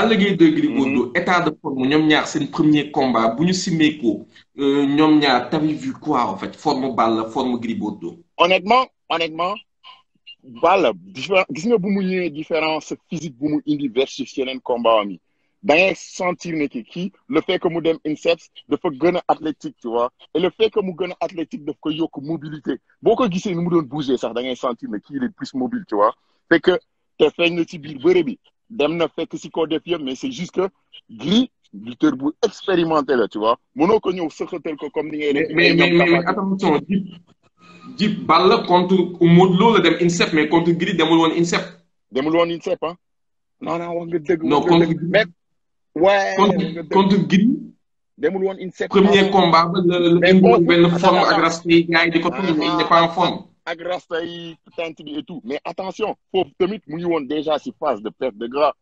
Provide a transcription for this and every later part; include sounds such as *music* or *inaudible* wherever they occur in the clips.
Balla Gaye de Gris mhm. Bordeaux état de forme ñoom ñaar seen premier combat bu ñu simmee ko euh, ñoom ñaar t'avais vu quoi en fait forme Balla forme Gris Bordeaux honnêtement honnêtement gis nga bu mu ñëwee différence physique bu mu indi versus yeneen combat am yi da ngay sentir ne que kii le fait que mu dem INSEPS dafa gën a athlétique tu vois et le fait que mu gën a athlétique daf ko yokk mobilité boo ko gisee ni mu doon bouger sax da ngay sentir ne kii il est plus mobile tu vois fait que te feeñ na ci biir bëre bi dem na fekk si koo def yëpp mais c'est juste que Gris lutteur bu expérimenté la tu vois mënoo ko ñëw sëxatal ko comme ni ngay def. mais mais mais attention Jib Jib Balla contre Modou Lo la dem INSEP mais contre Gris demul woon INSEP. demul woon INSEP ah. non non wax nga dëgg. non contre mais. waaye contre contre Gris. demul woon INSEP. premier combat la la la benn forme ak rase yi gars yi di ko ah, tudd mais il n'est pas en forme. ak rasta yi tant bi mais attention foofu tamit mu ngi woon déjà si phase de perte de gras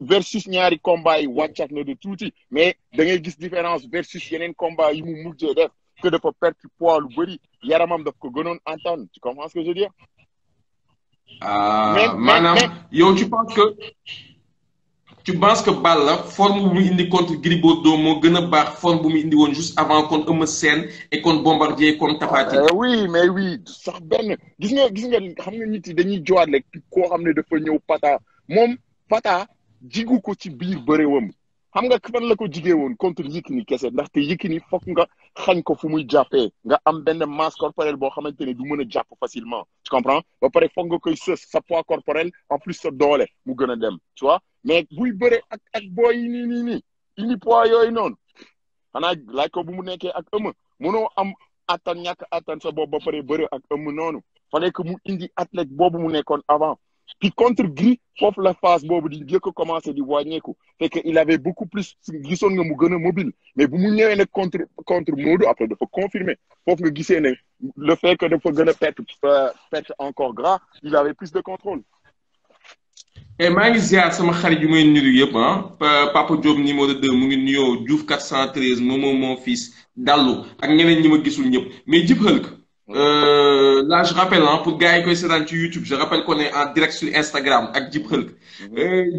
versus ñaari combat yi wàccaat na de tuuti mais da ngay gis différence versus yeneen combat yi mu mujjee def que dafa perte poids lu bëri yaramam daf ko gënoon entendre tu comprends ce que je veux dire. Ah, maanaam yow tu penses que. tu penses que Balla forme bu mu indi contre Gris Bordeaux moo gën baax forme bu mu indi woon juste avant contre Eumeu Sène et contre Bombardier contre Tapha Tine. Ah, mais oui sax benn gis nga gis nga xam nga nit yi dañuy jowaat rek koo xam ne dafa ñëw pata moom pata jigu ko ci biir bëre wam xam nga fan la ko jigee woon contre Yékini kese ndaxte Yékini foog nga xañ ko fu muy jàppee nga am benn masse corporelle boo xamante ne du mën a jàpp facilement tu comprends ba pare foog nga koy sa sa poids corporel en plus sa doole mu gën a dem tu vois mais buy ak ak booy yi nii nii nii indi poids yooyu noonu xanaa laaj ko mu nekkee ak ëmm mënoo am attan ñàkk attan sa bopp ba pare bëre ak ëmm noonu fallait que mu indi athlète boobu mu nekkoon avant puis contre Gris foofu la phase boobu di njëkk a commencé di wàññeeku c'est que il avait beaucoup plus gisoon nga mu gën a mobile mais bu mu ñëwee nag contre contre Modou après dafa confirmer foofu nga gisee ne le fait que dafa gën a perte euh, perte encore gras il avait plus de contrôle. et eh, maa ngi ziar sama xarit yu may nuyu yëpp ah Papa Diop moo 2 mu ngi nuyoo Diouf 413 Momo mon fils Dallu ak ñeneen ñi ma gisul ñëpp mais jib xëlk Euh, là je rappelle ah pour gars koy seetaan ci YouTube je rappelle qu'on en direct sur Instagram ak Djib Xëlk.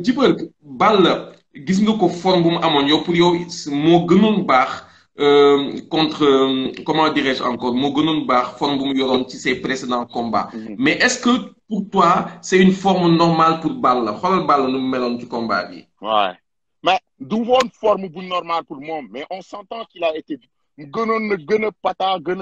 Djib Xëlk gis nga ko forme bu mu amoon yow pour yow moo gënoon baax euh, contre euh, comment dirais-je encore moo gënoon baax forme bu mu yoroon ci ses précédents combats. Mhm. mais est-ce que pour toi c'est une forme normale pour Balla xoolal Balla nu mu meloon ci combat bi. mais du forme bu normale pour moom mais on s'entend qu'il a été gënoon na gën pata gën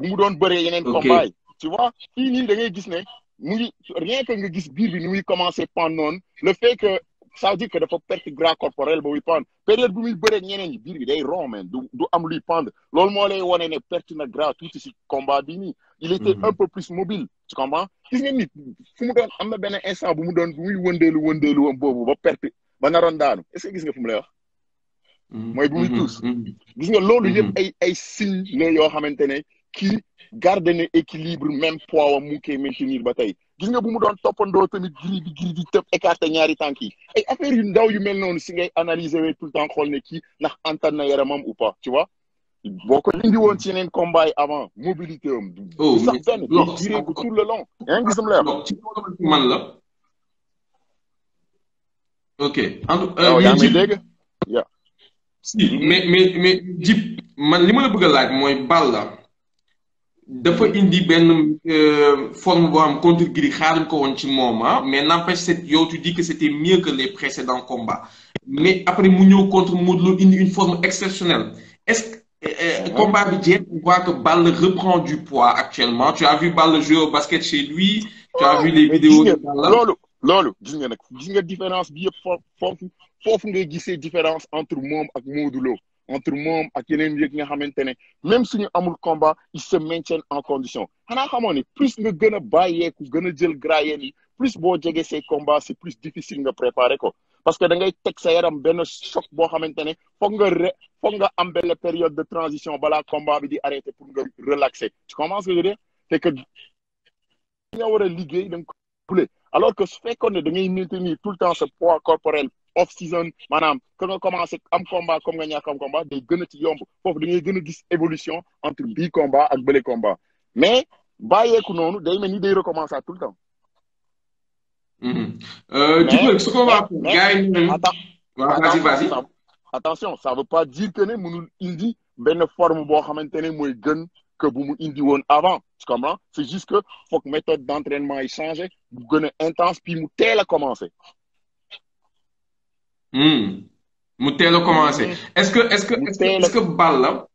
ni mu doon bëree yeneen combat yi tu vois fii nii da ngay gis ne mu ngi rien que nga gis biir bi ni muy commencé pan noonu le fait que ça veut dire dafa perte gras corporel ba muy pendre période bu muy bëree ñeneen ñi biir bi day rond man du du am luy pendre loolu moo lay wane ne perte na gras tuuti si combat bi il était mhm. un plus mobile tu comprends gis nit fu doon am na benn instant bu mu doon bu muy wëndeelu wëndeelu woon boobu ba perte ba naroon daanu est-ce que gis nga mhm. mhm. loolu yëpp ay yoo xamante ne kii garder na équilibre même poids am mu ngi koy maintenir ba tey gis nga bu mu doon toppandoo tamit gris bi gris tëb écarté ñaari tànk yi ay affaire yu ndaw yu mel noonu si ngay analyser wee tout le temps xool ne kii ndax antan na yaramam ou pas ci vois boo ko indi woon ci yeneen combat yi avant mobilité am. oh sax benn day duré ko tout le long. la man la. ok. Euh, yaa li ma la bëgg laaj mooy Balla dafa indi benn euh, forme boo xam contre Gris xaaruñ ko woon ci moom ah mais n'empêche c'est yow tu dis que c'était mieux que les précédents combats mais après mu ñëw contre Modou Lo indi une forme exceptionnelle est-ce que euh, euh, combat bi jeex on voit que Balla reprend du poids actuellement tu as vu Balla jouer chez lui tu as vu les vidéos de Balla loolu loolu gis nga nag gis nga différence bi yëpp foofu foofu ngay gisee différence entre moom ak Modou Lo entre moom ak yeneen yëg nga xamante ne même suñu amul combat il se maintient en condition xanaa xamoon ne plus nga gën a bàyyeeku gën a jël graayeen yi plus boo jege say combat c'est plus difficile nga préparer ko parce que da ngay teg sa yaram benn choc boo xamante ne foog nga re foog nga am benn période de transition balaa combat bi di arrêter pour nga relaxer tu commences que je dis te que nga war a liggéey ko nga ko alors que su fekkoon ne da ngay maintenir tout le temps ce poids corporel off season maanaam que nga commencé am combat comme nga ñàkk am combat day gën a ci yomb foofu da ngay gën a gis évolution entre bii combat ak bële combat mais bàyyeeku noonu day mel ni day recommencer tout le temps. Mm-hmm. Euh, mais attention ça veut pas dire que ne mënul indi benn forme boo xamante ne mu gën que bu mu indi woon avant tu comprends c'est juste que foog méthode d'entraînement yi changé bu gën a intense puis mu teel a commencer. Hmm. mu teel a commencé hmm. est-ce que est-ce que est-ce que Balla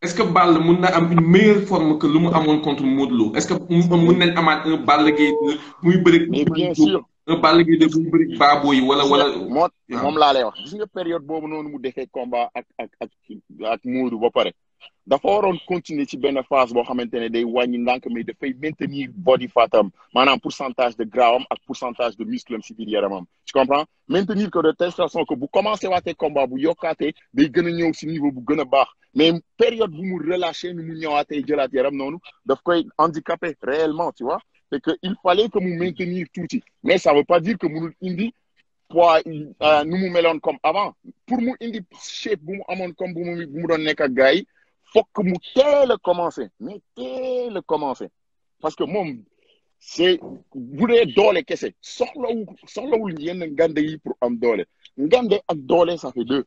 est-ce que Balla mun na am une meilleure forme que lu mu amoon contre Modou Lo est-ce que mun nañ amaat un Balla Gaye muy bëri. mais bien sûr un Balla Gaye muy bëri baaboo yi wala wala. moom moom laa lay wax gis nga période boobu noonu mu defee combat ak ak ak ak Modou ba pare. dafa waroon continuer ci benn phase boo xamante ne day wàññi ndànk mais dafay maintenir body fatam maanaam pourcentage de gras am ak pourcentage de muscle am si biir yaramam tu comprends maintenir que de telle façon bu commencé waatee combat bu yokkaatee day gën a ñëw si niveau bu gën baax mais période bu mu relâché nu mu ñëwaatee jëlaat yaram noonu daf koy handicapé réellement tu vois c'est que il fallait que mu maintenir tuuti mais ça veut pas dire que indi poids euh, nu mu meloon comme avant pour mu indi shape bu mu amoon comme bu mu mu doon nekk ak gars yi fokk mu teel a commencé mais teel commencé parce que moom c'est bu dee doole kese soxlawul soxlawul yenn ngande yi pour am doole ngande ak doole ça fait deux.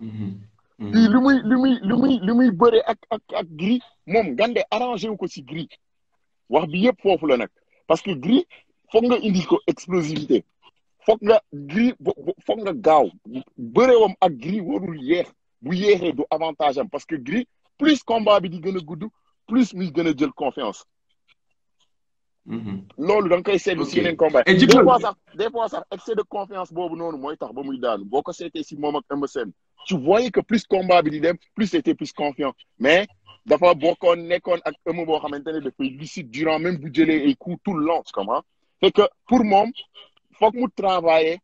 Mm-hmm. Mm-hmm. li muy li muy li muy li muy bëre ak ak ak gris moom ngande arrangé wu ko si gris wax bi yëpp foofu la nag parce que gris foog nga indi ko explosivité foog nga gris foog nga gaaw bëre wam ak gris warul yeex bu yéexee du avantage am parce que Gris plus combat bi di gën a gudd plus muy gën a jël confiance. Mhm. loolu da nga koy seetlu si yeneen combat des fois sax des fois sax excès de confiance boobu noonu mooy tax ba muy daanu boo ko seete si moom ak Eumeu Sène tu voyais que plus combat bi di dem plus c'était plus confiant mais dafa bokkoon nekkoon ak boo xamante ne dafay lucide durant même bu jëlee ay coups tout le long tu comprends c'est pour moom foog mu travailler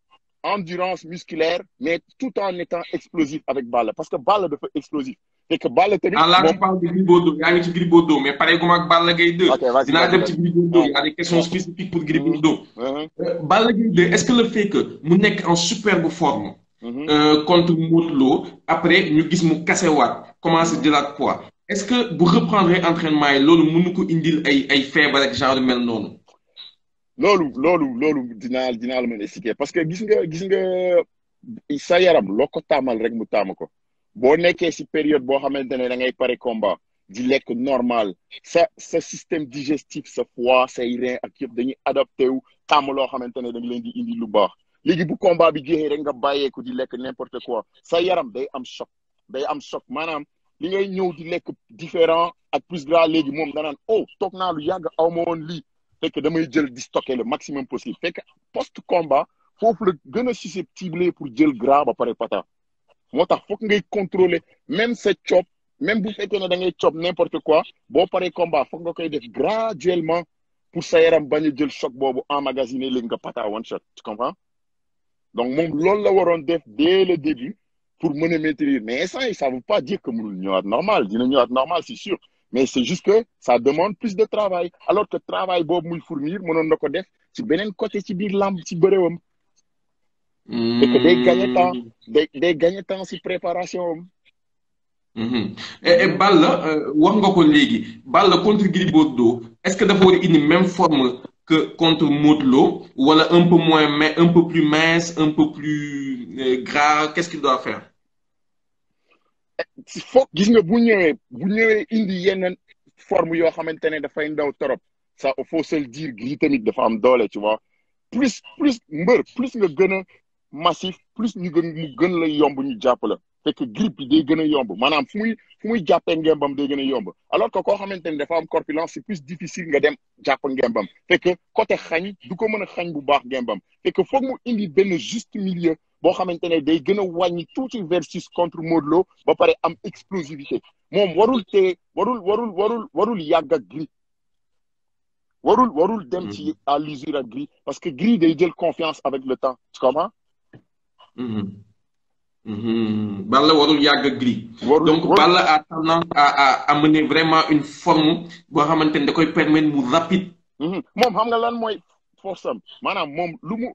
endurance musculaire mais tout en étant explosif avec Balla parce que Balla dafa explosif te que Balla tamit. ah là tu de Gris Bordeaux mais pareegum ak Balla Gaye 2. ok vas-y dinaa dem ci Gris Bordeaux y a des questions spécifiques pour mmh. euh, ce que le fait que nekk en superbe forme. Mmh. Euh, contre Modou Lo après ñu gis mu commence commencé mmh. jëlaat poids est-ce que bu reprendre entraînement yi loolu mën na ko indil ay ay feebar genre mel noonu. loolu loolu loolu dinaa dinaa la mën parce que gis nga gis nga sa yaram loo ko taamal rek mu taama ko boo nekkee si période boo xamante ne da ngay pare combat di lekk normal sa sa système digestif sa foie say rein ak yëpp dañuy adapté wu tàmm loo xamante ne da nga indi lu baax léegi bu combat bi rek nga bàyyeeku di lekk n'importe quoi sa yaram day am choc day am choc maanaam li ngay ñëw di lekk différent ak plus gras léegi moom danaan oh toog naa lu yàgg aw ma woon fekk damay jël di stocker le maximum possible fekk post combat foofu la gën a susceptible pour jël gras ba pare pata moo tax foog ngay contrôler même sa coop même bu fekkee ne da ngay coop n'importe quoi boo paree combat foog nga koy def graduellement pour sa yaram bañ jël choc boobu en emmagasiné léegi nga pata one shot tu comprends donc moom loolu la waroon def dès le début pour mën a mais ça ne veut pas dire que mënul ñëwaat normal dina ñëwaat normal c'est sûr mais c'est juste que ça demande plus de travail alors que travail boobu muy fournir mënoon na ko def ci beneen côté ci biir làmb ci bëréewam hmm. et que day gagné temps day day gagné temps si préparation hmm. ball la euh, wax nga ko léegi Balla contre Gris Bordeaux est-ce que dafa war a même forme que contre Modou wala un peu moins mais un peu plus mince un peu plus euh, gras qu'est-ce qu'il doit faire foog gis nga bu ñëwee bu ñëwee indi forme yoo xamante ne dafay ndaw torop ça faut se le dire lii dafa am doole tu vois plus mbër plus nga gën a massif plus ñu gën mu gën la yomb ñu jàpp la fekk grippe bi gën a yomb maanaam fu muy fu muy jàppee ngembam day gën a yomb alors que koo xamante ne dafa am corpulence c'est plus difficile nga dem jàpp ngembam fekk côté xañ du ko mën a xañ bu baax ngembam fekk foog mu indi benn juste milieu boo xamante ne day gën a wàññi tuuti versus contre Modou Lo ba pare am explosivité moom warul te warul warul warul warul yàgg Gris warul warul dem ci mhm. à l'usure ak Gris parce que Gris day jël confiance avec le temps tu comprends mhm. Mhm. Balla warul yàgg ak Gris donc Balla a tendance à à amener vraiment une forme boo xamante ne da koy permettre mu rapide moom xam nga lan mooy force maanaam moom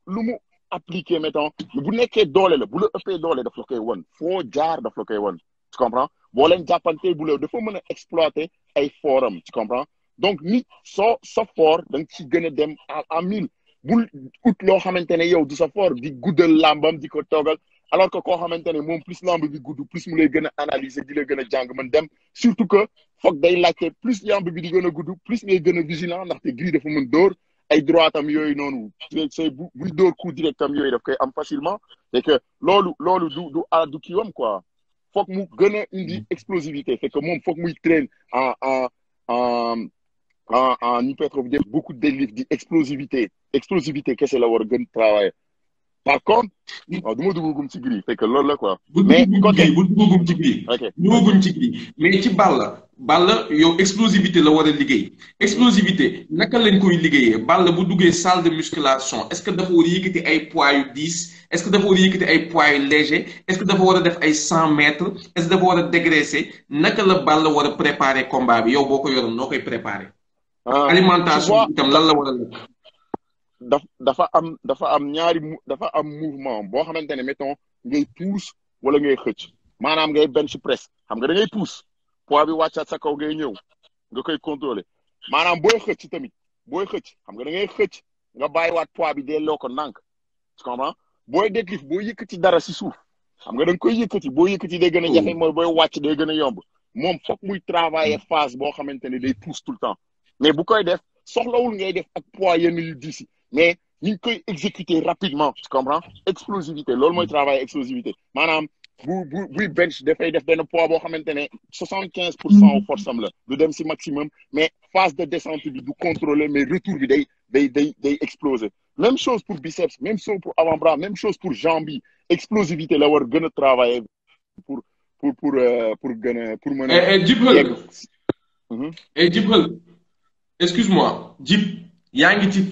lu mu appliqué mettons bu nekkee doole la bu la ëppee doole daf la koy won foo jaar daf la koy won tu comprends boo leen jàppante bu la dafa mën a exploiter ay fooram tu comprends donc nit soo sa fort da nga ci gën a dem à mille bul ut loo xamante ne yow du sa fort di guddal lambam di ko toogal alors que koo xamante ne moom plus lamb bi gudd plus mu lay gën a analyser di la gën a jàng mën dem surtout que foog day laajte plus lamb bi di gën a gudd plus ngay gën a vigilant ndaxte gri dafa mën dóor ay droit am yooyu noonu say bu buy dóor coup direct am yooyu daf koy am facilement c'est que loolu loolu du du a ah, du kiiwam quoi foog mu gën a indi mm-hmm. explosivité c'est que moom foog muy traîne en en en en en hypertrophie beaucoup de livres di explosivité explosivité kese la war a gën travailler par contre waaw du ma duggagum ci gris fekk loolu la quoi. mais côté bu duggagum ci gris. ok ñëwagum ci gris mais ci la Balla yow explosivité la war a liggéey. explosivité naka lañ koy liggéeyee la bu duggee salle de musculation est-ce que dafa war a yëkkati ay poids yu diis est-ce que dafa war a yëkkati ay pois yu léger est-ce que dafa war a def ay cent mètres est-ce que dafa war a dégraisser naka la Balla war a préparer bi yow boo ko yoroon noo koy préparer. Ah, alimentation itam lan la war a daf dafa am dafa am ñaari dafa am mouvement boo xamante ne mettons ngay pousse wala ngay xëcc maanaam ngay bench press xam nga da ngay pousse bi wàccaat sa kaw gay ñëw nga koy contrôler maanaam booy xëcc tamit booy xëcc xam nga da ngay xëcc nga bàyyiwaat poids bi delloo ko nànk tu comprends booy déclive dara si suuf xam nga da nga koy yëkkati boo yëkkati day gën a jafe mooy booy wàcc day gën a yomb moom foog muy travailler phase boo xamante ne day pousse tout le temps mais bu koy def soxlawul ngay def ak poids yenn yu mais ñu ngi koy exécuter rapidement tu comprends explosivité loolu mooy mm. travail explosivité maanaam bu bu buy bench dafay def benn poids boo xamante ne soixante quinze pour cent mm. au force am la du dem si maximum mais phase de descente bi du contrôler mais retour bi day day day day exploser même chose pour biceps même chose pour avant-bras même chose pour jambe yi explosivité la war gën a travailler pour pour pour euh, pour gën a pour mën a eh, eh, jibal et mm-hmm. eh, excuse-moi jib yaa ngi ci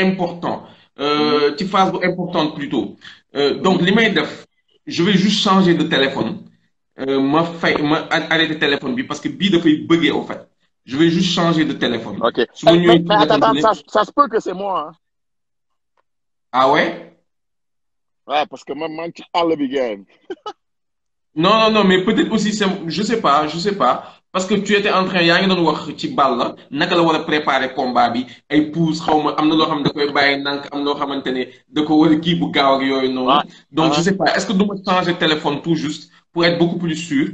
important euh, mm-hmm. ci phase bu importante plutôt euh, donc li may def je vais juste changer de téléphone euh, ma fay ma arrêter téléphone bi parce que bii dafay bëggee au fait je vais juste changer de téléphone. ok eh, mais attends ça ça peut que c'est moi ah ouais. parce que man man ci àll bi gën. non non mais peut-être aussi c'est je sais pas je sais pas. parce que tu étais en train yaa ngi doon wax ci baal la naka la war a préparer combat bi ay pousse xaw ma am na loo xam ne da koy bàyyi nànk am loo xamante ne da ko war a kii bu gaaw ak yooyu noonu. Ah, donc je ah. sais pas est-ce que du ma changer téléphone tout juste pour être beaucoup plus sûr.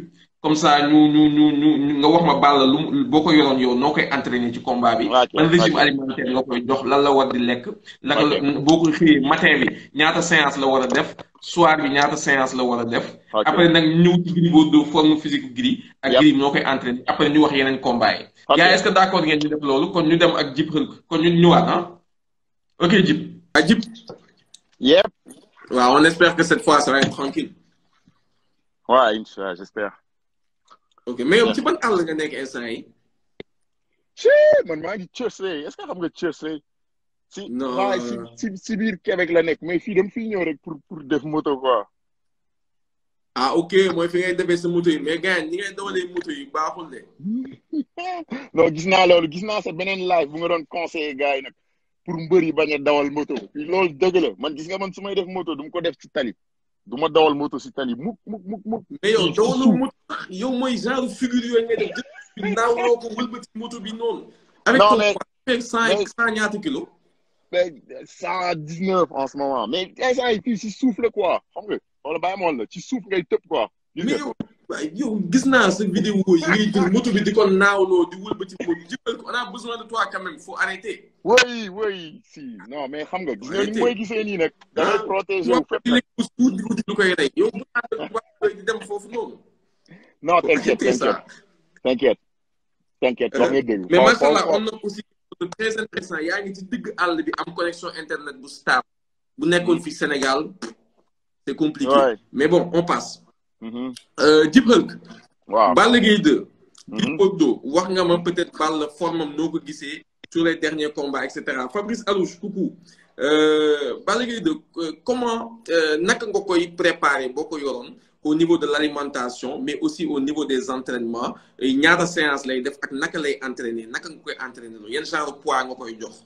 comme ça ñu ñu ñu ñu nga wax ma Balla lu boo ko yoroon yow noo koy entraîner ci combat bi. ban régime alimentaire nga koy jox lan la war di lekk. la boo ko xëyee matin bi ñaata séance la war a def. soir bi ñaata séance la war a def. après nag ñëw ci Gris Bordeaux forme physique Gris. ak Gris ñoo koy entraîner après ñu wax yeneen combat yi. yaa est-ce que d'accord ngeen ñu def loolu kon ñu dem ak Jib kon ñu ñëwaat ah. ok Jib. ah Jib. yëpp. waaw on espère que cette fois ça va être tranquille. waaw incha j'espère. ok mais yow ci ban àll nga nekk instant yi. man maa ngi Chersey est-ce que xam nga Chersey. Euh, si si si biir Québec la nekk mais fii dem fii ñëw rek pour pour def moto quoi. ah ok mooy fi ngay defee sa moto yi mais gars ñi ngay dawalee moto yi baaxul de. *laughs* non gis naa loolu gis naa sa beneen live bu nga doon conseiller gars yi nag m mbër yi bañ a dawal moto. loolu dëgg la man gis nga man su may def moto du ko def ci tali. du ma moto si tali mukk mukk mukk mukk. mais yow dawalul moto yow mooy genre figure yooyu nga def jël ndaw loo ko wëlbati moto bi noonu. avec non mais cent cent ñaata kilos. mais cent dix neuf en ce moment mais instant yi fii si suuf la quoi xam nga wala bàyyi ma la ci suuf ngay tëb quoi. mais yow waaye yow gis naa sa vidéo yi ngay bi di ko naawloo di wul ba ci moom jëppal ko on a besoin de toi quand même faut arrêter. oui oui si non mais xam nga. gis nga ni mooy gisee nii nag. Ah. yow bu di dem foofu noonu. non t'inquiète t'inquiète t'inquiète t'inquiète wax nga dëgg. mais yaa ngi ci digg àll bi am connexion internet bu stable bu nekkoon hmm. fi Sénégal c'est compliqué. mais bon on passe. Jib mm-hmm. Hënk. Euh, waaw Balla Gaye 2. Gris mm-hmm. wax nga ma peut-être Balla forme am noo ko gisee sur les derniers combats et cetera Fabrice Alouche coucou euh, Balla Gaye 2 euh, comment naka nga koy préparer boo ko yoroon au niveau de l'alimentation mais aussi au niveau des entraînements ñaata séance lay def naka lay entraîner naka nga koy entraîner loolu yan genre poids nga koy jox.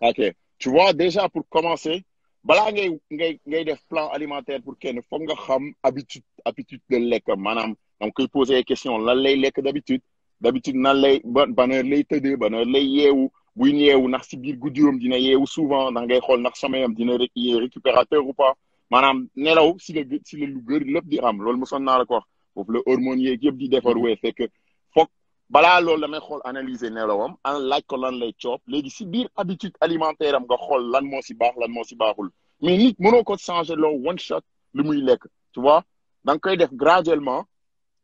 ok tu vois déjà pour commencer. balaa ngay ngay ngay def plan alimentaire pour kenn foog nga xam habitude habitude de lekk maanaam danga koy poser question lan lay lekk d'habitude d'habitude nan lay ban ban heure lay tëddee ban heure lay yeewu buy yeewu ndax si biir guddiwam dina yeewu souvent ndax ngay xool ndax sommeil am dina récupérateur ou pas maanaam nelaw si la si la lu gër lépp di am loolu mosoon naa la ko wax foofu la hormone yeeg yëpp di defar mm-hmm. wee fekk balaa loolu damay xool analyser nelawam an laaj ko lan lay coob léegi si biir habitude alimentaire am nga xool lan moo si baax lan moo si baaxul mais nit mënoo ko changer loo one shot lu muy lekk tu vois koy def graduellement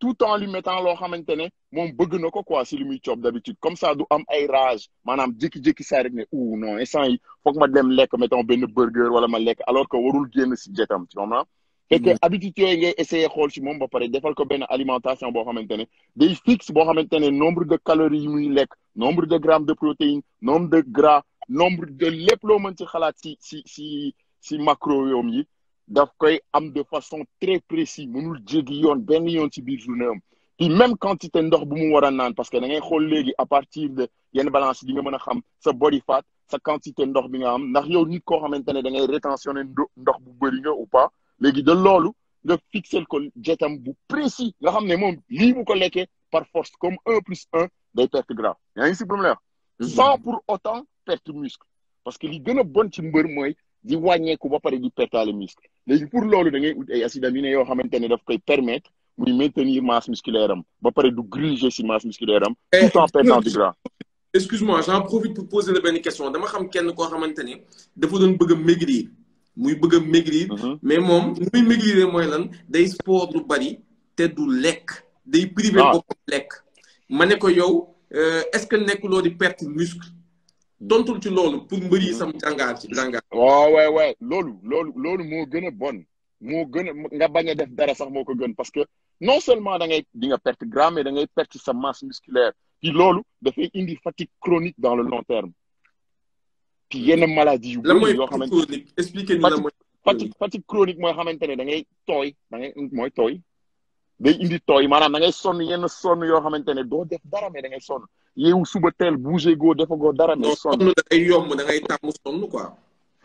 tout temps lui mettant loo xamante ne moom bëgg na ko quoi si lu muy coob d'habitude comme ça du am ay rage maanaam jékki-jékki saa rek ne ou non instant yi foog ma dem lekk mettons benn burger wala ma lekk alors que warul génn si jetam tu comprends et que mm. habitude yooyu ngay essayer xool si moom ba pare defal ko benn alimentation boo xamante ne day fixe boo xamante ne nombre de calories yi muy lekk nombre de grammes de protéines nombre de gras nombre de lépp loo mën ci xalaat ci si ci ci macro yoom yi daf koy am de façon très précise mënul jéggi yoon benn yoon si biir journée am puis même quantité ndox bu mu war a naan parce que da ngay xool léegi à partir de yenn balance yi nga mën a xam sa body fat sa quantité ndox bi nga am ndax yow nit koo xamante ne da ngay rétentionner ndox bu bëri nga ou léegi de loolu nga fixel ko jetam bu précis nga xam ne moom lii mu ko lekkee par force comme un plus un day perte gras yaa ngi si problème mhm. sans pour autant perte muscle parce que li gën a bon ci mbër mooy di wàññeeku ba pare di pertaale muscle léegi pour loolu da ngay ut ay acides aminés yoo xamante ne daf koy permettre muy maintenir masse musculaire ba pare du gruger si masse musculaire am eh, tout en perdant du gras excuse moi j'en profite pour poser la benn question dama xam muy bëgg a maigrir. Mhm. mais moom muy maigrir mooy lan day sport lu bari te du lekk. day privé ah. boppam lekk. ma ne ko yow euh, est-ce que nekk di perte muscle. tontul ci loolu pour mbëri sam jàngaar ci jàngaar. waaw waaw loolu loolu loolu moo gën a bon. moo gën a nga bañ a def dara sax moo ko gën parce que non seulement da ngay di nga perte gras mais da ngay perte sa masse musculaire. puis loolu dafay indi fatigue chronique dans le long terme. ci yenn maladie yu bëri yoo xamante ne expliquer ñu la mooy fatigue fatigue chronique mooy xamante ne da ngay tooy da mooy tooy day indi tooy maanaam da ngay sonn yenn sonn yoo xamante ne doo def dara mais da ngay sonn yeewu suba teel bougé goo defagoo dara mais sonn da ngay yomb da ngay tàmm sonn quoi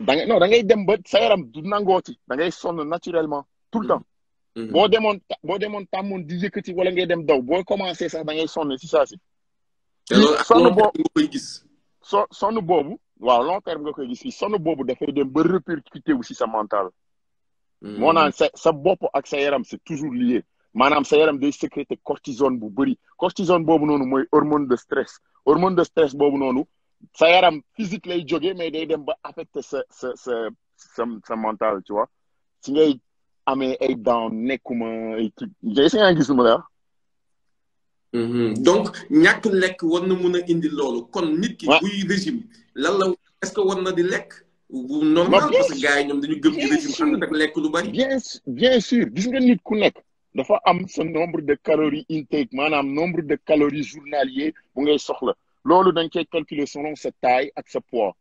da ngay dem ba sa yaram du nangooti da ngay sonn naturellement tout le temps mm-hmm. Mm-hmm. boo demoon boo demoon tàmmoon di yëkkati wala ngay dem daw boo commencé sax da ngay sonn si saa si sonn boobu sonn boobu waaw long terme nga koy gis si sono boobu dafay dem ba répercuté wu si sa mental. Hmm. moo naan sa sa bopp ak sa yaram c'est toujours lié maanaam sa yaram day sécréter cortisone bu bëri cortisone boobu noonu mooy hormone de stress hormone de stress boobu noonu sa yaram physique lay jógee mais day dem ba affecté sa sa sa sa sa ci wa si ngay amee ay down nekkuma ay kii si nga gis lu ma Mhm. donc ñàkk lekk war na mun a indi loolu kon nit ki. buy régime lan la est-ce que war na di lekk. bu normal parce que ñoom dañu gëm di régime ànd ak lekk lu bari. bien bien sûr gis nga nit ku nekk dafa am sa nombre de calories intake maanaam nombre de calories journalier bu ngay soxla loolu dañ koy calculer selon sa taille ak sa poids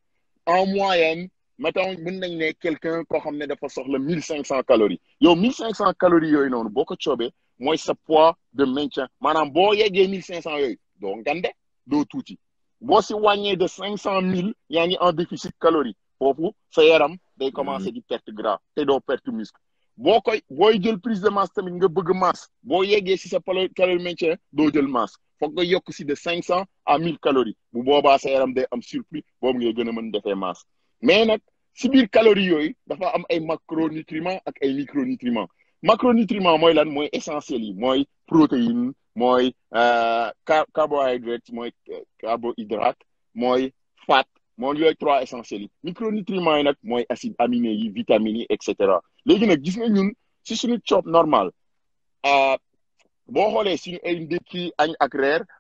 en moyenne mettons mën nañ ne quelqu'un koo xam ne dafa soxla mille cinq cent calories yow mille cinq cent calories yooyu noonu boo ko coobee. mooy sa poids de maintien maanaam boo yeggee mille cinq cent yooyu doo ngande doo tuuti boo si wàññee de cinq cent mille yaa ngi en déficit calorique foofu sa yaram day commencer mm-hmm. di perte gras te doo perte muscle boo koy booy jël prise de masse tamit nga bëgg masse boo yeggee si sa calorie maintien doo jël masse foog nga yokk si de cinq cent à mille calories bu boobaa sa yaram day am surplus boobu ngay gën a mën defee masse mais nag si biir calories yooyu dafa am ay macronutriments ak ay micronutriments macronutriments mooy lan mooy essentiel yi mooy protéine mooy euh, carbohydrate mooy euh, carbohydrate mooy fat mooy yooyu trois essentiels yi micronutriments yi nag mooy acide aminé yi vitamines yi et cetera léegi nag gis nga ñun si suñu coop normal euh, boo xoolee suñu ay ndékki añ ak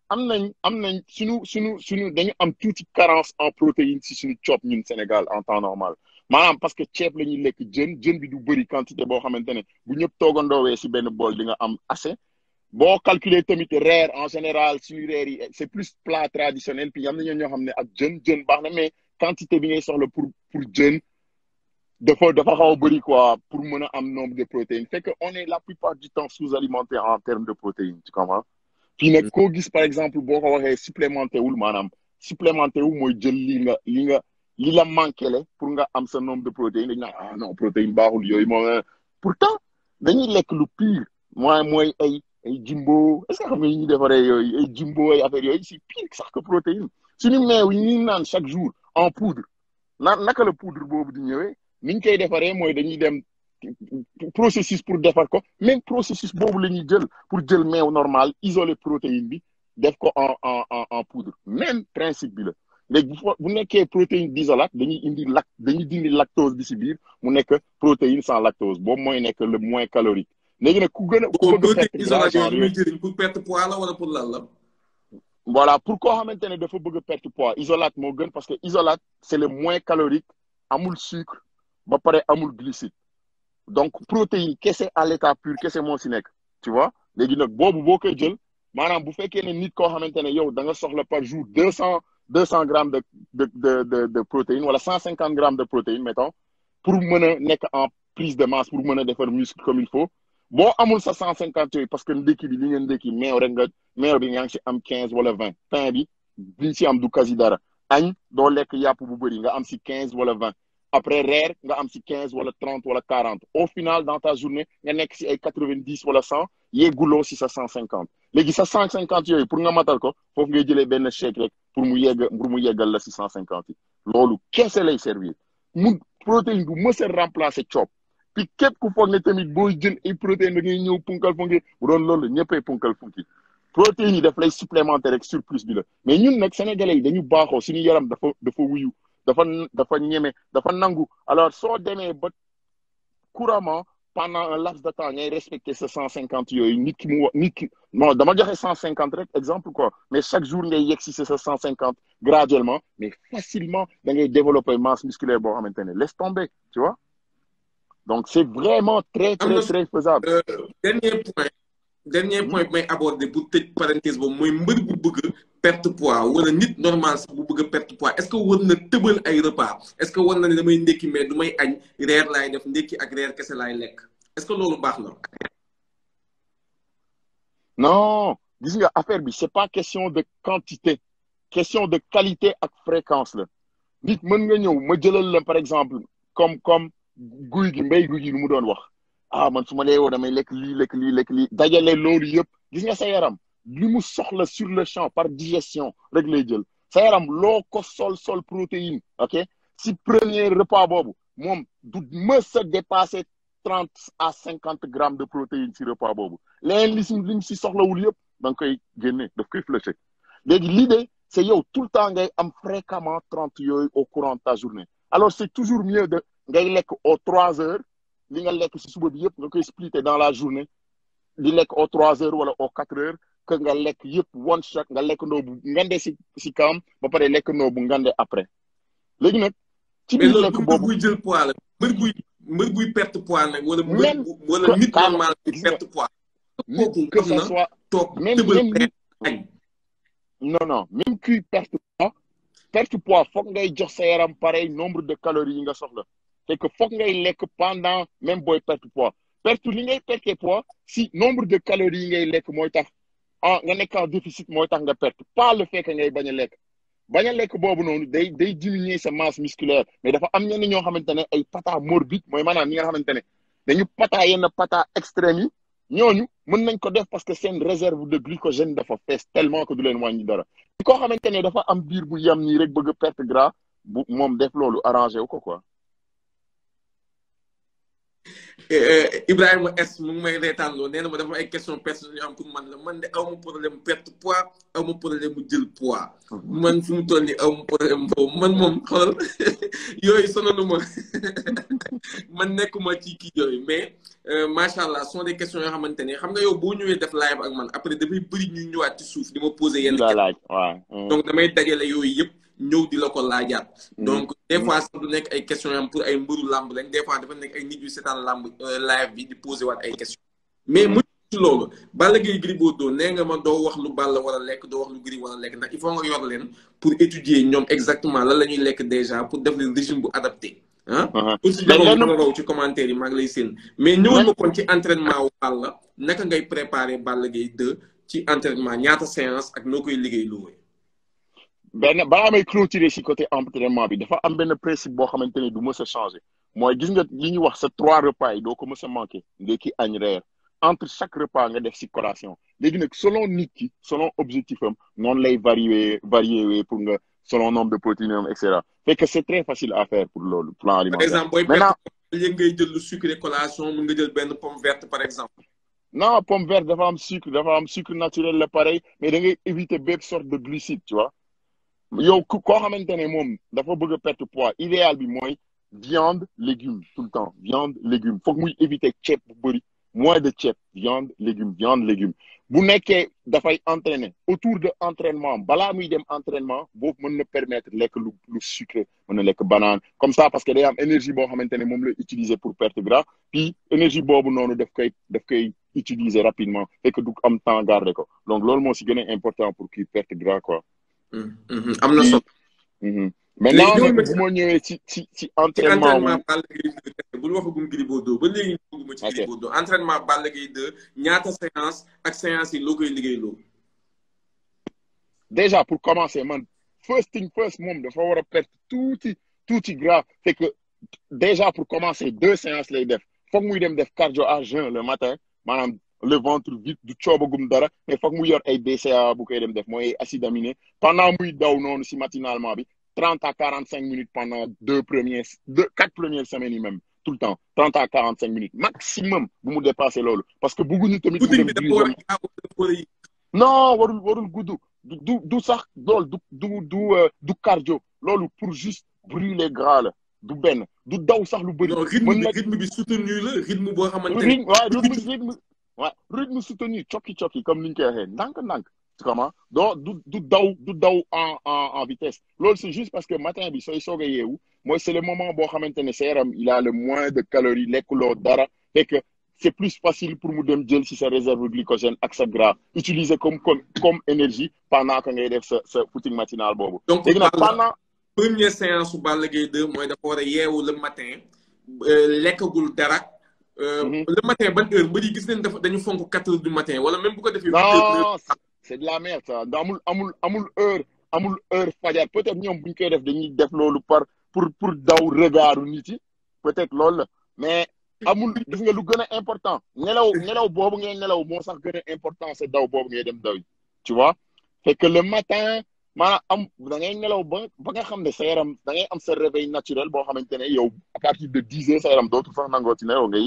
am nañ am nañ suñu suñu suñu dañu am tuuti carence en protéine si suñu coop ñun Sénégal en temps normal maanaam parce que ceeb la ñuy lekk jën jën bi du bëri quantité boo xamante ne bu ñëpp toogandoowee si benn bool di nga am assez boo calculer tamit reer en général suñu reer yi c' est plus plat traditionnel puis am na ñoo xam ne ak jën jën baax na mais quantité bi ngay soxla pour pour jën dafa dafa xaw a bëri quoi pour mën a am nombre de protéines fait on est la plupart du temps sous-alimenté en termes de protéines tu comprends fii mm. gis par exemple boo ko waxee supplémenté wul maanaam supplémenté wu mooy jël li li nga li la manqué le pour nga am sa nombre de protéines dañ naan ah non protéine baaxul yooyu moom pourtant dañuy lekk lu pire mooy mooy ay ay jimbo est-ce que yi ñuy defaree yooyu ay jimbo ay affaire yooyu c'est pire sax que protéine suñu meew yi naan chaque jour en poudre na naka la poudre boobu di ñëwee niñ koy defaree mooy dañuy dem processus pour defar ko même processus boobu la ñuy jël pour jël meew normal isoler protéine bi def ko en en en en poudre même principe bi la léegi bu fa bu nekkee protéine isolate dañuy indi lac dañuy dindi lactose bi si biir mu nekk protéine sans lactose boobu mooy nekk le moins calorique léegi ku gën a. ku bëgg a perte gras pour la wala pour lan la. voilà pour koo xamante ne dafa bëgg a perte poids isolate moo gën parce que isolate c' est le moins calorique amul sucre ba pare amul glucide donc protéine kese à l' état pur kese moo si nekk tu vois léegi nag boobu boo koy jël maanaam bu fekkee ne nit koo xamante ne yow da nga soxla par jour deux cent deux cent grammes de de de wala cent cinquante grammes de protéines mettons pour mën a nekk en prise de masse pour mën a defar muscle comme il faut boo amul sa cent cinquante yooyu parce que ndékki bi li ngeen ndékki meew rek nga meew bi nga ngi ci am quinze wala vingt pain bi li ci am du quasi dara añ doo lekk yàpp bu bëri nga am si quinze wala vingt après reer nga am si quinze wala trente wala quarante au final dans ta journée nga nekk si ay quatre vingt dix wala cent yegguloo si sa cent cinquante léegi sa cent cinquante yooyu pour nga matal ko foofu ngay jëlee benn chèque rek pour mu yegg pour mu yeggal la si cent cinquante yi loolu kese lay servir mu protéine bu mës a remplacer coob puis képp ku foog ne tamit booy jël ay protéines da ngay ñëw punkal funki bu doon loolu ñëppay punkal funki protéines yi daf lay supplémentaire rek surplus bi la mais ñun nag sénégalais yi dañu baaxoo suñu yaram dafa dafa wuyu dafa dafa ñeme dafa nangu alors soo demee ba couramment pendant un laps de temps ngay respecté ce cent cinquante yooyu nit ki mu nit ki non dama joxe cent cinquante rek exemple quoi mais chaque jour ngay yegg si sa cent cinquante graduellement mais facilement da ngay développer masse musculaire boo xamante ne laisse tomber tu vois donc c'est vraiment très très très faisable. Euh, dernier point dernier point hmm? may aborder bu tëj parenthèse boobu mooy mbër bu perte poids wala nit normal sax bu bëgg a perte poids est-ce que war na tëbal ay repas est-ce que war na ne damay ndékki mais du may añ reer laay def ndékki ak reer kese laay lekk est-ce que loolu baax na. non gis nga affaire bi c'est pas question de quantité question de qualité ak fréquence la nit mën nga ñëw ma jëlal la par exemple comme comme guy gi mbay guy gi lu mu doon wax ah man su ma leewoo damay lekk lii lekk lii lekk lii dajale loolu yëpp gis nga sa yaram. li mu soxla sur le champ par digestion rek lay jël sa yaram loo ko sol sol protéine ok si premier repas boobu moom du mës a dépasser trente à cinquante grammes de protéine si repas boobu leen li si li mu si soxlawul yëpp da nga koy génne daf koy fléché léegi l'idée c'est yow tout le temps ngay am fréquemment trente yooyu au courant de journée alors c'est toujours mieux de ngay lekk aux trois heures li nga lekk si suba bi yëpp nga koy splitter dans la journée li lekk aux trois heures wala aux quatre heures que nga lekk yëpp one shot nga lekk ndoo bu ngande si si kawam ba pare lekk ndoo bu ngande après léegi ci biir lekk boobu buy jël la mbër buy mbër buy perte poids nag. wala mbër wala nit normal kuy perte poids perte poids foog ngay jox sa yaram pareil nombre de calories nga soxla c'est que foog ngay lekk pendant même booy perte poids perte li ngay perte poids si nombre de calories ngay lekk mooy tax. ah nga nekk en déficit mooy tax nga perte pas le fait ngay bañ a lekk bañ a lekk boobu noonu day day diminuer sa masse musculaire mais dafa am ñenn ñoo xamante ne ay pata morbide mooy manaan ni nga xamante ne dañu pata yenn pata extrême yi ñooñu mën nañ ko def parce que seen réserve de glycogène dafa fees tellement ko du leen wàññi dara. koo xamante ne dafa am biir bu yem nii rek bëgg a perte gras bu moom def loolu arrangé wu ko quoi. Eh, eh, Ibrahima S mu ngi may reetaanloo nee na ma dafa ay question personnelle yu am pour man la man de aw ma problème perte poids aw ma problème mu jël poids mhm. man fi mu toll nii aw ma problème boobu man moom xool *laughs* yooyu sonanu ma *laughs* man nekkuma ci kii yooyu mais euh, macha allah sont des questions yoo xamante ne xam nga yow boo ñëwee def live ak man après dafay bëri ñu ñëwaat ci suuf di ma poser yenn laaj waaw donc damay dajale yooyu yëpp ñëw di la ko laajaat. Mm. donc des fois mm. sax du nekk ay questions yam pour ay mburu làmb rek des fois dafa nekk ay nit yu seetaan làmb euh, live bi di posé waat ay questions. mais mm. mu ci loolu Balla Gaye Gris Bordeaux nee nga ma doo wax lu Balla war a lekk doo wax lu Gris war a lekk ndax il faut nga yor leen pour étudier ñoom exactement la ñuy lekk déjà pour def le régime bu adapté. ah aussi uh-huh. raw ci commentaire yi mag lay séen mais ñëwal ma kon ci entraînement wu naka ngay préparer Balla ci entraînement ñaata séance ak noo koy liggéey loolu benn balaa may clôturer si côté entraînement bi dafa am benn principe boo xamante ne du mës a changer mooy gis nga li ñuy wax sa trois repas yi doo ko mës a manqué ndekki añ reer entre chaque repas nga def si collation léegi nag selon nit ki selon objectif am noonu lay varier varier pour nga selon nombre de protéines et cetera fait que c'est très facile à faire pour loolu plan alimentaire maintenant par exemple ngay jël lu sucré collation mën nga jël benn pomme verte par exemple. non pomme dafa am sucre dafa am sucre naturel la pareil mais da ngay éviter bépp sorte de glucides tu yow koo xamante ne moom dafa bëgg perte poids idéal bi mooy viande légume tout le temps viande légume foog muy éviter ceeb bu bëri moins de ceeb viande légume viande légume bu nekke dafay entraîner autour de entraînement balaa muy dem entraînement boobu mën na permettre lekk lu lu sucré mën na lekk banane comme ça parce que day am énergie boo xamante ne moom la utiliser pour perte gras puis énergie boobu noonu daf koy daf koy utiliser rapidement et que du am temps garder ko donc loolu moo si gën a important pour kii perte am na solo. maintenant nag bu ma ñëwee ci ci ci entraînement. entraînement Balla Gaye 2 bul ba léegi dugguma ci Gris Bordeaux entraînement ñaata séance ak séance yi loo koy liggéey loo. déjà pour commencer man first thing first moom dafa war a perte tuuti tuuti gras c'est que déjà pour commencer de séances lay def foog muy dem def cardio à jeun le matin maanaam le ventre vide du coobagum dara mais foog mu yor ay BCA bu koy def mooy acide aminé pendant muy daw noonu si matinalement bi trente à quarante cinq minutes pendant deux premières deux quatre premières semaines tout le temps trente à quarante cinq minutes maximum bu mu dépassé loolu parce que bëgguñu tamit. mu non warul warul gudd du du sax loolu du dou du euh, du cardio loolu pour juste brûler gras la du benn daw sax lu bëri. waaw rythme soutenu cokki cokki comme ni ñu koy waxee ndànk-ndànk tu du daw du daw en en en vitesse loolu c'est juste parce que matin bi sooy soog a yeewu mooy c'est le moment boo xamante ne sa yaram il a le moins de calories lekkuloo dara et que c'est plus facile pour mu dem jël si sa réserve glycogène ak sa gras utiliser comme comme comme énergie pendant que ngay def sa sa footing matinal boobu. donc pendant première séance su Balla Gaye 2 mooy dafa war a yeewu le matin euh, lekkagul dara. Euh, mhm. le matin ban heure mbëri gis nañ dañu fonk quatre heures du matin wala même bu ko defee. non c'est de la merde ça amul amul amul heure amul heure fajar peut-être ñoom bu ñu koy def dañuy def loolu par pour pour daw regardu nit yi peut-être loolu la mais amul gis nga lu gën a important nelaw nelaw boobu ngay nelaw moo sax gën a important c'est daw boobu ngay dem daw yi tu le matin maanaam am da ngay nelaw ba ba nga xam ne sa yaram da ngay am sa réveil naturel boo xamante ne yow à partir de dix heures sa yaram dootul sax nangoo ci nelaw nga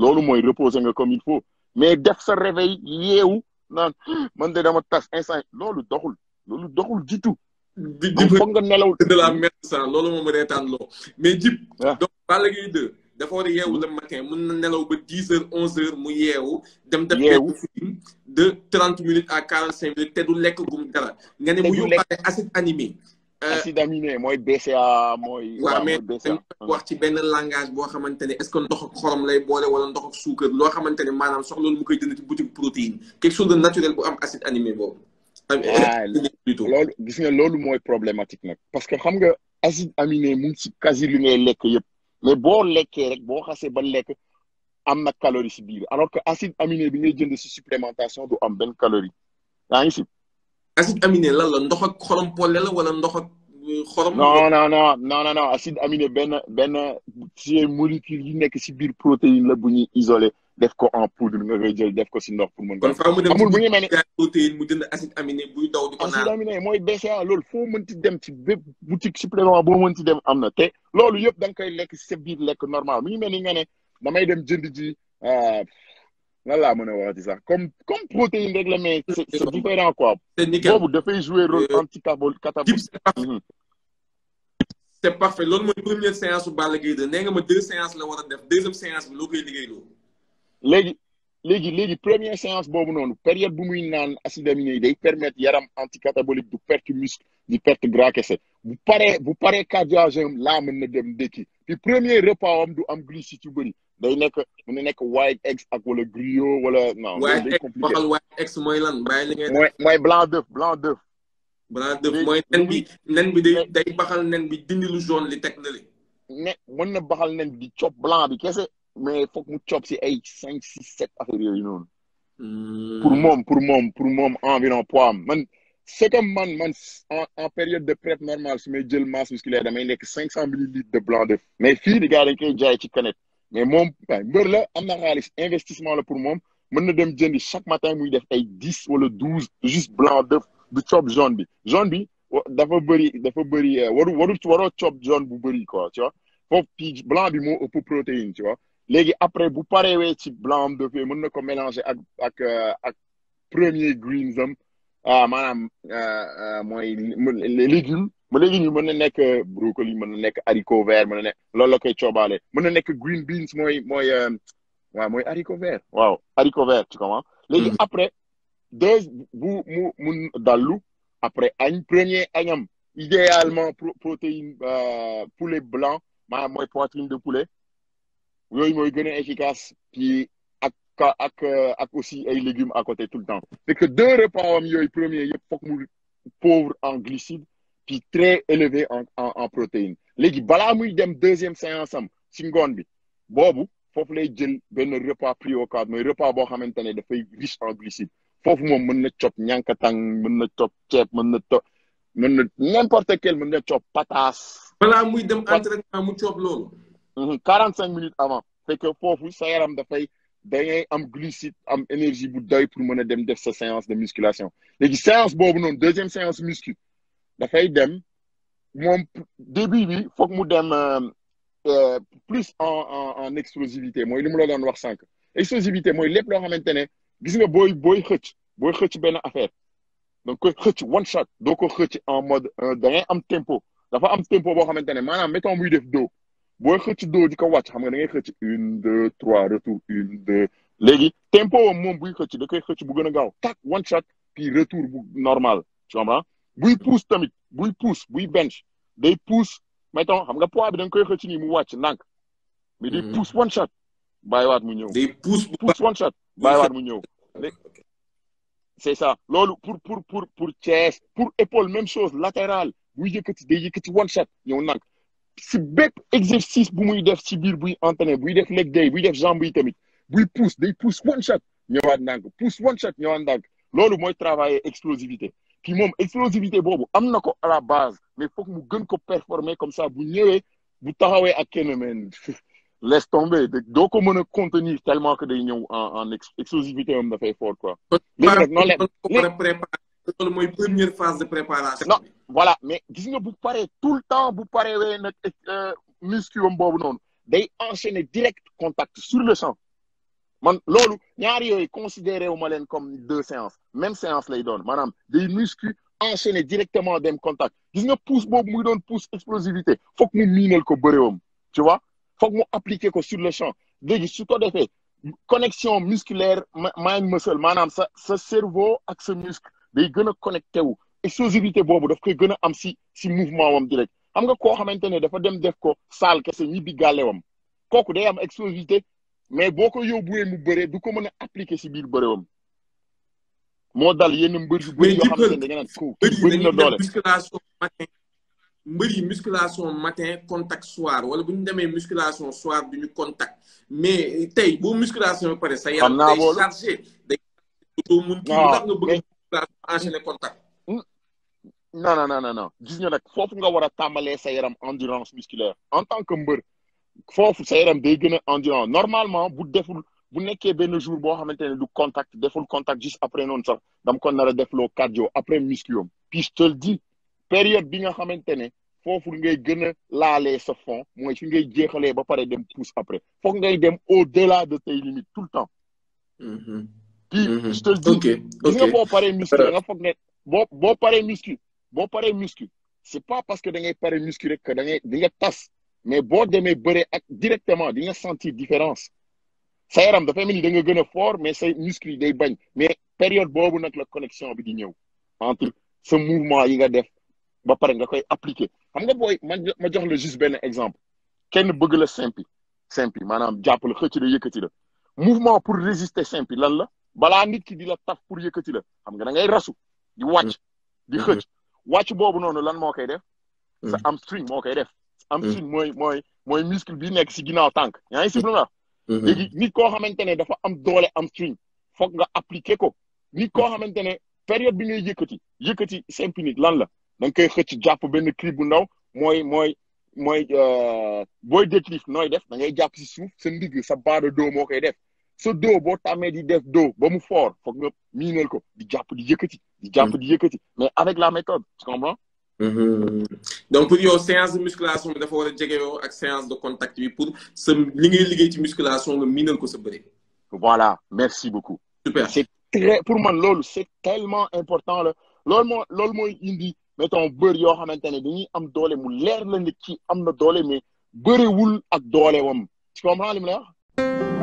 loolu mooy reposer nga comme il faut mais def sa réveil yeewu naan ah, man de dama tas instant loolu doxul loolu doxul jiitu. di di foog nga nelaw de la merde ça loolu moom reetaan loo mais jib ah. donc Balla Gaye 2 dafa war a yeewu le matin mën na nelaw ba dix heures onze heures mu yeewu dem def fii de trente minutes à quarante cinq minutes te du lekk gum dara nga ne mu yóbbaale acide aminé euh, acide aminé mooy BCA mooy waaw mais wax ci benn langage boo xamante ne est-ce que ndox ak xorom lay boole wala ndox ak suukar loo xamante ne maanaam soxla lu mu koy jënd ci boutique protéine chose de naturel bu am acide aminé boobu euh, ah gis nga loolu mooy problématique nag parce que xam nga acide aminé mu ngi mais boo lekkee rek boo xasee ba lekk am na calorie si alors que acide aminé bi ngay jënd si supplémentation du am benn calorie yaa ngi si. acide aminé lan la ndox ak xorom polle wala ndox ak euh, xorom. non non non non non acide aminé benn benn molécule yi nekk si biir protéine la bu ñuy isolé. def ko en poudre nga koy jël def ko si ndox pour mën ko. amul bu ñu mel ne mu jënd acide aminé buy daw di ko naan acide aminé mooy BCA loolu dem ci bépp boutique supplément boo mënti dem am na te loolu yëpp danga nga koy lekk si sa biir lekk normal mu ngi mel ni nga ne damay dem jënd ji euh, lan laa mën a waxati sax comme comme protéine rek la mais c'est différent quoi. c'est nickel boobu dafay jouer rôle euh, anti catabolique. Mhm. c'est parfait loolu mooy première séance su Balla Gaye de nee nga la war a séance loo léegi léegi léegi première séance boobu noonu période bu muy naan acide aminé yi day permettre yaram anticatabolique du perte muscle di perte gras kese bu paree bu paree cardiogène am laa mën na dem ndékki puis premier repas am du am glucides yu bëri day nekk mën na nekk white eggs ak wala griot wala. non white eggs mooy lan bàyyi li ngay mooy blanc d'œuf blanc d'œuf. blanc nen bi day day nen bi dindi lu jaune li teg na li. na baxal nen di cop blanc bi kese. mais foog mu cob si ay cinq six sept affaire yooyu noonu. Hmm. pour moom pour moom pour moom environ am man c'est comme man man en en période de prep normale su may jël masse musculaire damay nekk cinq cent millilitres de blanc d'œuf mais fii di gars dañ koy jaay ci canette mais moom mbër la am na xaalis investissement la pour moom mën na dem jëndi chaque matin muy def ay dix wala douze juste blanc d'œuf du cob jaune bi jaune bi dafa bëri dafa bëri euh, waru waru waroo cob jaune bu bëri quoi tu vois foofu blanc bi moo ëpp protéine tu vois léegi après bu pare ci blanc am de fee mën na ko mélanger ak ak euh, ak premier greens am ah, maanaam euh, euh, mooy les légumes ba léegi ñu mën na nekk brocoli mën na nekk haricot vert mën na nekk loolu coobaale mën na nekk green beans mooy mooy waaw mooy haricot vert waaw haricot vert tu comprends léegi mm-hmm. après deux bu mu mun dallu après añ premier añam idéalement protéine poulet blanc maanaam mooy poitrine de poulet yooyu mooy gën a efficace puis ak ak euh, ak aussi ay légumes à côté tout le temps c'est que deux repas am yooyu premier yëpp foog mu pauvre en glucides puis très élevé en en en protéines léegi balaa muy dem deuxième séance am si ngoon bi boobu foofu lay jël benn repas pris au cadre mooy repas boo xamante ne dafay riche en glucides foofu moom mën na cop ñànkatang mën na cop ceeb mën na to mën na n'importe quel mën na cop pataas. balaa muy dem entraînement mu cop loolu. Mhm. quarante cinq minutes avant c'est que foofu sa yaram dafay da ngay am glucide am énergie bu day pour mën a dem def sa séance de musculation léegi séance boobu noonu deuxième séance muscu dafay dem moom début bi foog mu dem euh, euh, plus en en en explosivité mooy li mu la doon wax sànq explosivité mooy lépp loo xamante ne gis nga booy booy xëcc booy xëcc benn affaire donc xëcc one shot doo ko xëcc en mode euh, da ngay am tempo dafa am tempo boo xamante ne maanaam mettons muy def dos booy xëcc doo di ko wàcc xam nga da ngay xëcc une deux trois retour une deux léegi tempo am moom buy xëcc da koy xëcc bu gën a gaaw tak one shot puis retour bu normal tu comprends buy pousse tamit bu pousse buy bench day pousse mettons xam nga poids bi da nga koy xëcc nii mu wàcc ndànk mais day mm-hmm. pousse one shot bàyyiwaat mu ñëw. day pousse pousse one shot bàyyiwaat mu ñëw. c'est ça loolu pour pour pour pour chest pour épaule même chose bu buy yëkkati day yëkkati one shot ñëw ndànk. si bépp exercice bu muy def si biir buy entraîné buy def leg day buy def jambes yi tamit buy pousse day pousse one shot ñëwaat ndànk pousse one shot ñëwaat ndànk loolu mooy travailler explosivité puis moom explosivité boobu am na ko à la base mais foog mu gën ko performer comme ça bu ñëwee bu taxawee ak kenn men laisse tomber doo ko mën a contenir tellement que day ñëw en en explosivité moom dafay fort quoi. léegi nag noonu la loolu mooy première phase de préparation. non voilà mais gis nga bu paree tout le temps bu paree wee nag euh, muscu am boobu noonu day enchaîner direct contact sur le champ man loolu ñaari yooyu considéré wu ma leen comme deux séances même séance lay doon maanaam day muscu enchaîner directement dem contact gis nga pousse boobu muy doon pousse explosivité foog mu miinal ko bëréwam tu vois foog mu appliquer ko sur le champ léegi su ko defee connexion musculaire mind muscle maanaam sa sa cerveau ak sa muscle day gën a connecté wu exclusivité boobu daf koy gën a am si si mouvement wam direct xam nga koo xamante ne dafa dem def ko saal kese ñibbi gàllewam kooku day am exclusivité mais boo ko yóbbuwee mu bëree du ko mën a appliquer si biir bëreewam moo dal yenn mbër yu bëri yoo xamante ne da nga naan ko bëri na matin mbër yi musculation matin contact soir wala bu ñu demee musculation soir du ñu contact mais tey boo musculation ba pare sa yaram day nga bëgg enchaîner contact. non non non non gis nga nag foofu nga war a tàmbalee sa yaram endurance musculaire en tant que mbër foofu sa yaram day gën a endurance normalement bu deful bu nekkee benn jour boo xamante ne du contact deful contact juste après noonu sax dam kon nar a defloo cardio après musculum puis je te le dis période bi nga xamante ne foofu ngay gën a laalee sa fon mooy fi ngay jeexalee ba pare dem pousse après foog ngay dem au delà de tes limites tout le temps. Mm-hmm. Mhm. je te le boo pare muscu da a foog ne boo boo paree muscu boo paree muscu c' est pas parce que da ngay paree muscu rek que da ngay di nga tas mais boo demee bëree ak directement di nga sentir différence sa yaram dafay mel ni da nga gën a fort mais say muscle yi day bañ mais période boobu nag la connexion bi di ñëw entre sa mouvement yi nga def ba pare nga koy appliquer xam nga booy ma ma jox la juste exemple kenn bëgg la simpi simpi maanaam jàpp la xëcc la yëkkati la mouvement pour résister simpi lan la. balaa nit ki di la taf pour yëkkati la xam nga da ngay rasu di wàcc mm-hmm. di xëcc wàcc boobu noonu lan moo koy def mm-hmm. sa hamstring moo koy def hamstring mm-hmm. mooy mooy mooy bi nekk si ginnaaw tànk yaa ngi siblama léegi nit koo xamante ne dafa am doole hamstring foog nga appliquer ko nit koo xamante ne période bi ngay yëkkati yëkkati cinq minutes lan la da nga koy xëcc jàpp benn clip bu ndaw mooy mooy mooy euh, booy déclive nooy def da ngay jàpp si suuf sa ndigg sa baado doo moo koy def sa doo boo tàmmee di def doo ba mu fort foog nga miinal ko di jàpp di yëkkati di jàpp mm. di yëkkati mais avec la méthode tu comprends mm-hmm. donc pour yow séance de musculation bi dafa war a jege yow ak séance de contact bi pour sa li ngay liggéey ci musculation nga miinal ko sa bëri voilà merci beaucoup super c'est pour man loolu c'est tellement important la loolu moo loolu mooy indi mettons bëri yoo xamante ne dañuy am doole mu leer la nit ki am na doole mais bëriwul ak doole wam tu comprends mu la